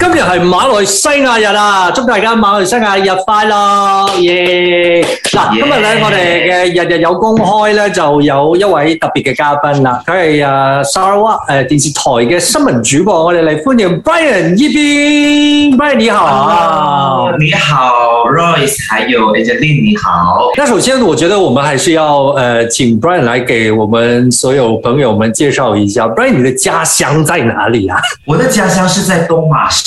今日是馬來西亞日啊！祝大家馬來西亞日快樂！耶！嗱，今日呢，我哋嘅日日有公開呢，就有一位特別嘅嘉賓啦。佢係啊 Sarawak 電視台嘅新聞主播，我哋嚟歡迎 Brian 呢邊。Brian 你好，Hello, 你好，Royce 還有 Angelina 你好。那首先我覺得我們還是要誒請 Brian 來給我們所有朋友們介紹一下。Brian 你的家鄉在哪裡啊？我的家鄉是在東馬。